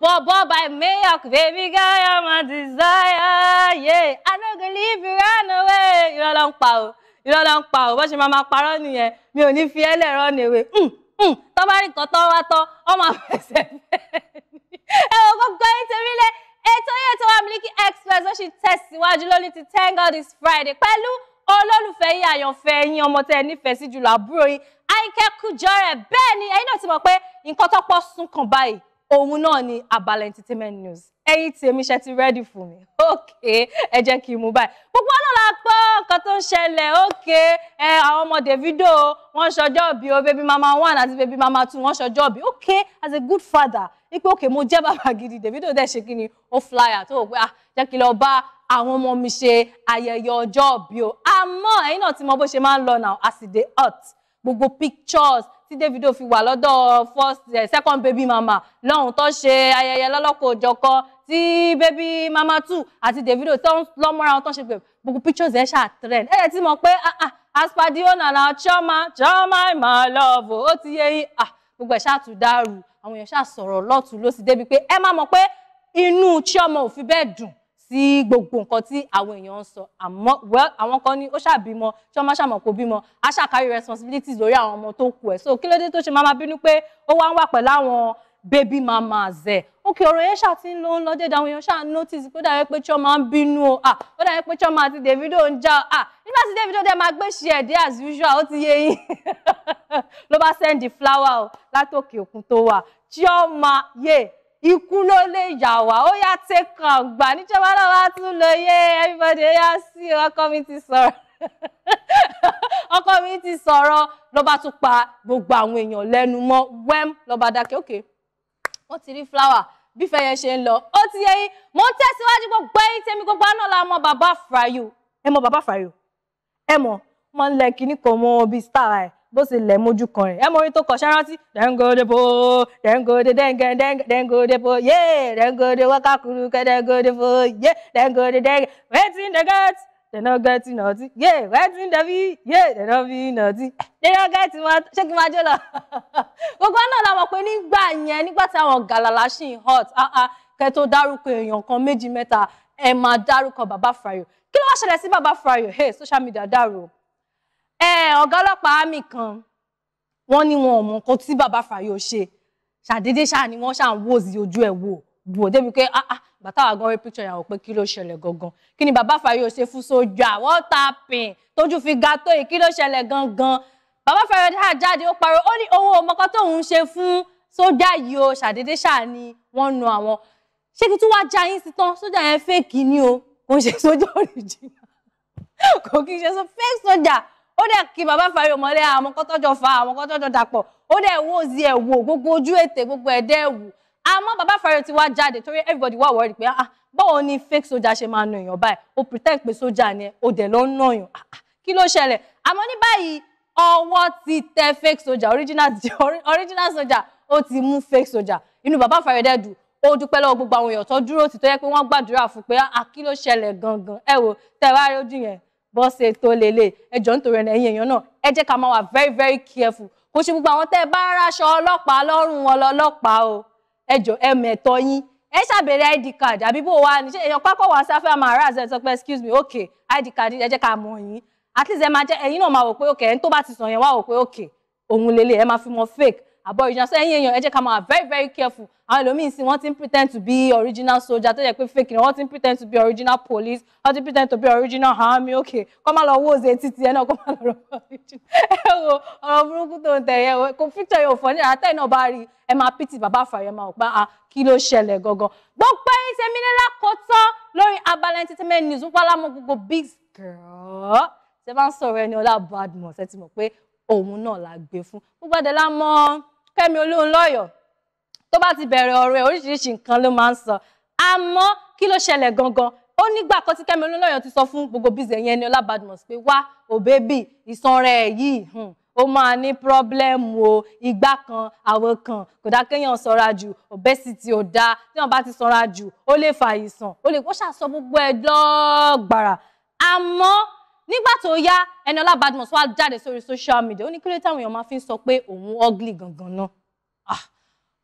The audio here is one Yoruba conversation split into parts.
bob, by I make baby girl, you're my desire. Yeah, I don't go leave you run away. Irọ́ ló ń pa o, irọ́ ló ń pa o, bó ṣe máa ma parọ́ nìyẹn, mi ò ní fi ẹ́ lẹ̀ run away. Mm, mm. Tọ́ bá rí nǹkan tọ́ wá tọ́, ọmọ àfẹsẹ̀ fẹ́. Ẹ wò gbogbo yín tèmi lé, ètò yẹn tó wà Miliki Express ó sì tẹ̀síwájú lónìí ti Thank God It's Friday pẹ̀lú olólùfẹ́ yín àyànfẹ́ yín ọmọ tẹ́ ẹ nífẹ̀ẹ́ sí jùlọ àbúrò yín Àyìnkẹ́ Kújọrẹ̀ bẹ́ẹ̀ ni ẹ̀yin náà ti mọ̀ pé nǹkan tọ́pọ̀ sún kàn báyìí òun náà ni abala entertainment news ẹ̀yin tí èmi ṣe ti rẹ́dì fún mi ókè ẹ jẹ́ kí n mú báyìí gbogbo ọ̀nà la gbọ́ nǹkan tó ń ṣẹlẹ̀ ókè ẹ àwọn ọmọ Davido wọ́n ṣọjọ́ òbí o baby mama one àti baby mama two wọ́n ṣọjọ́ òbí ókè as a good father wípé ókè mo jẹ́ bàbá gidi Davido dẹ̀ ṣe kí ni ó flyer tó wò pé ah jẹ́ kí lọ bá àwọn ọmọ mi ṣe ayẹyẹ ọjọ́ òbí o àmọ́ ẹ̀yin náà ti mọ bó ṣe máa ń lọ now as e dey hot gbogbo pictures tí Davido fi wà lọ́dọ̀ first uh, second baby mama lọ́hùn tó ṣe ayẹyẹ lọ́lọ́kọ̀ òjọ̀kan tí baby mama two àti Davido tó ń lọ mọ́ra wọn tó ń ṣe pé gbogbo pictures ẹ̀ ṣáà trend ẹ̀ ti mọ̀ pé ah, ah, aspadi per the owner na chioma chioma my love ó ti yẹ yín ah, gbogbo ẹ̀ ṣáà tún dàrú àwọn èèyàn ṣáà sọ̀rọ̀ lọ́tún lọ́sì débi pé ẹ má mọ̀ pé inú chioma ò fi bẹ́ẹ̀ dùn sí gbogbo nǹkan tí àwọn èèyàn ń sọ àmọ́ well àwọn kan ní ó ṣàbímọ ṣé ọmọ ṣàmọ̀ kò bímọ a ṣàkárí responsibilities lórí àwọn ọmọ tó kù ẹ̀ so kí ló dé tó ṣe máa máa bínú pé ó wá ń wà pẹ̀lú àwọn baby mama zẹ òkè ọ̀rọ̀ yẹn ṣáà ti ń lọ lọdẹ dáwọn èèyàn ṣáà notice pé ó dàbí pé Chioma ń bínú o ah ó dàbí pé Chioma àti Davido ń já ah nígbà tí Davido dẹ máa gbé ṣe ẹdẹ as usual ó ti yé yín ló bá send the flower o látòkè òkun tó wà Chioma yé ikú ló lè yà wá ó yá tẹkàn àgbà níjọba náà wá tún lọ yé everybody ó yá sí ọkọ mi ti sọ̀rọ̀ ọkọ mi ti sọ̀rọ̀ ló bá tún pa gbogbo àwọn èèyàn lẹ́nu mọ́ wẹ́m ló bá dákẹ́ òkè wọ́n ti rí fúláwà bí fẹyẹ ṣe ń lọ ó ti yẹ yín mò ń tẹ̀síwájú gbogbo ẹ̀yin tèmi gbogbo àná la mọ bàbá Fáyọ̀ ẹ mọ bàbá Fáyọ̀ ẹ mọ wọn lẹ kíní kan mọ bíi star ẹ bó sì lẹ̀ mójú kan rẹ̀ ẹ mọ orin tó kọ ṣárántí dẹ́ngòdèpò dẹ́ngòdè dẹ́ngẹ̀ dẹ́ngòdèpò yé dẹ́ngòdè wákàkùrù kẹ́ dẹ́ngòdèpò yé dẹ́ngòdè dẹ́ngẹ̀ wetin dey get dem no get nothing yé wetin dem be yé dem no be nothing dem no get ṣé kí n máa jó lọ. gbogbo náà la mọ̀ pé nígbà yẹn nígbà tí àwọn gàlàlà ṣì ń hot ah, ah, kẹ́ tó dárúkọ èèyàn kan méjì mẹ́ta ẹ máa dárúkọ bàbá Fáyọ̀ kí ló wá ṣẹlẹ̀ sí bàbá Fáyọ̀ hey social media dàrú ọ̀gá ọlọ́pàá mi kan wọ́n ní wọn ò mọ nǹkan tí bàbá Fáyọ̀ ṣe ṣàdédé ṣáà ni wọ́n ṣáà ń wò sí ojú ẹ̀ wò wò débi pé ah ah bàtà wà gan rí picture yàwó pé kí ló ṣẹlẹ̀ gangan kí ni bàbá Fáyọ̀ ṣe fún sójà wọ́n ta pin tójú fi ga tó yìí kí ló ṣẹlẹ̀ gangan bàbá Fáyọ̀ dáa jáde ó parọ́ ó ní owó ọmọkọ tóun ṣe fún sójà yìí o ṣàdédé ṣáà ni wọ́n nu àwọn ṣé kí tún wá já yín sí tán sójà yẹn fake ni o kò ń ṣe sójà original kò kí ń ṣe so fake sójà ó dẹ̀ kí bàbá fàárí ọmọlẹ́ àwọn kọ́tọ́jọ fa àwọn kọ́tọ́jọ dàpọ̀ ó dẹ̀ wo zi ẹ̀ wò gbogbo ojú ètè gbogbo ẹ̀dẹ́ wù àmọ́ bàbá fàárí ti wá jáde torí everybody wà worried pé ah báwo ni fake soldier ṣe máa nà èèyàn báyìí ó pretend pé soldier ni ẹ ó dẹ̀ lọ ń nà èèyàn ah, ah, kí ló ṣẹlẹ̀ àmọ́ ní báyìí ọwọ́ ti tẹ fake soldier original original soja ó ti mú fake soldier inú bàbá fàárí dẹ̀ dùn ó dúpẹ́ lọ́wọ́ gbogbo àwọn èèyàn tó dúró tì tó yẹ pé wọ́n gbàdúrà fún pé ah, ah kí ló ṣẹlẹ̀ gangan ẹ wo tẹ̀ wá rí ojú yẹn bọ́sẹ̀ tó lélẹ̀ ẹjọ́ nítorí ẹ̀yin èèyàn náà ẹ jẹ́ ká máa wà very very careful kò ṣe gbogbo àwọn tẹ́ ẹ bá ráṣọ ọlọ́pàá lọ́rùn ọlọ́pàá o ẹjọ́ ẹ mẹ̀tọ́ yín ẹ ṣàbẹ̀rẹ̀ id card àbí bó wa ní ṣe èèyàn pápọ̀ wá sáfẹ́ àmọ́ ará àzẹ́ sọ pé excuse me okay id card ẹ jẹ́ ká mọ̀ yín at least ẹ máa jẹ́ ẹ̀yin náà máa wò pé okay ẹni tó bá ti sàn yẹn wá wò pé okay òun lélẹ̀ ẹ máa fi mọ fake aboriginal so ẹ̀yin èèyàn ẹ jẹ́ ká máa very very careful àwọn ẹlòmíín sí wọ́n ti ń pretend to be original soldier tó yẹ pé fake ni wọ́n ti ń pretend to be original police wọ́n ti ń pretend to be original army ok kọ́ máa lọ owó oze títí ẹ náà kọ́ máa lọ rọ original ẹ wo ọ̀rọ̀ burúkú tó ń tẹ̀ yẹ wo kò picture yóò fọ́ ní àtẹ́ náà bá rí ẹ máa pity bàbá àfàyẹ máa pa ah, á kí ló ṣẹlẹ̀ gangan gbogbo ẹ̀yin tèmi nílá kó tán lórí abala entertainment news ń pálámọ gbogbo big girl ṣe bá ń sọ̀rọ̀ ẹni ọlá Badmus ẹ ti mọ̀ pé òun náà la gbé fún Fẹ́mi Olúnlọ́yọ̀ tó bá ti bẹ̀rẹ̀ ọ̀rọ̀ ẹ̀ oríṣiríṣi nǹkan ló máa ń sọ àmọ́ kí ló ṣẹlẹ̀ gangan ó nígbà kan tí Kẹ́mi Olúnlọ́yọ̀ ti sọ fún gbogbo bíṣẹ̀ yẹn ni Ọlá Badmus pé wá ò bébì ìsanra ẹ̀ yìí ó máa ní pírọ́blẹ́mù o igbá kan àwọ̀ kan kò dá kéèyàn sanra jù obesity ò dáa tí wọ́n bá ti sanra jù ó lè fa àìsàn ó lè kó ṣàṣọ gbogbo ẹ̀ lọ́gbàrà àmọ́ nígbà tó yá Ẹniọlá Badmus wá jáde sórí social media ó ní kí ló táwọn èèyàn máa fi ń sọ pé òun ugly gangan náà ah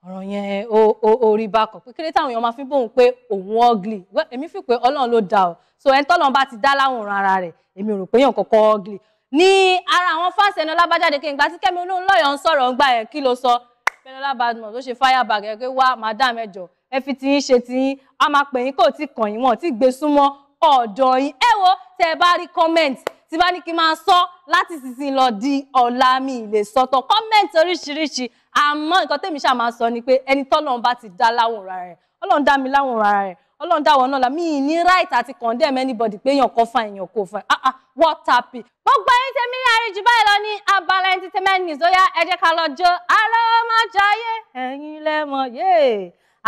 ọ̀rọ̀ yẹn ó ó ó rí bákan pé kí ló táwọn èèyàn máa fi ń bóun pé òun ugly èmi fi pé Ọlọ́run ló dá o so ẹni tọ́lọ́run bá ti dá láwòrán ara rẹ̀ èmi rò pé èèyàn kọ́kọ́ ugly ní ara àwọn fáṣẹ Ẹniọlá bá jáde kí n gbà tí Kẹ́mi Olúnlọ́yọ̀ ń sọ̀rọ̀ ńgbà yẹn kí ló sọ Ẹniọlá Badmus ló ṣe firebag ẹ pé wá madam ẹjọ ẹ fi tiyín ṣe tiyín a máa pè yín kò tí kàn yín wọn ò tí gbé súnmọ́ ọ̀dọ̀ yín ẹ wo tẹ́ ẹ bá rí comment tí bá ní kí n máa sọ láti sísìn lọ di ọ̀la mi lè sọ̀tọ̀ comment oríṣiríṣi àmọ́ nǹkan tèmi ṣáà máa sọ ni pé ẹni tọ́lọ́run bá ti dá láwòrán rẹ̀ ọlọ́run dá mi láwòrán rẹ̀ ọlọ́run dáwọ̀ náà la mi ì ní right àti condemn anybody pé èèyàn kan fa èèyàn kò fa ah ah what happy. gbogbo ẹni tẹ́mi ní àríjù báyìí lọ ní abala entertainment nìzóyá ẹ jẹ́ ká lọ jó ará ọmọ jayé ẹ̀yin lẹ́mọ̀ yéé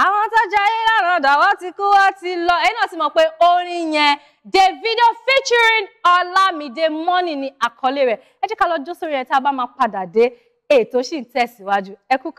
àwọn tó jayé lánàá dọ̀wọ́ ti kú wọ́n ti lọ ẹ̀yin náà ti mọ̀ pé orin yẹn Davido featuring Ọlámídé Money ni àkọlé rẹ̀ ẹ jẹ́ ká lọ jó sórí ẹ̀ tá a bá máa padà dé ètò sì ń tẹ̀síwájú ẹ kú ká.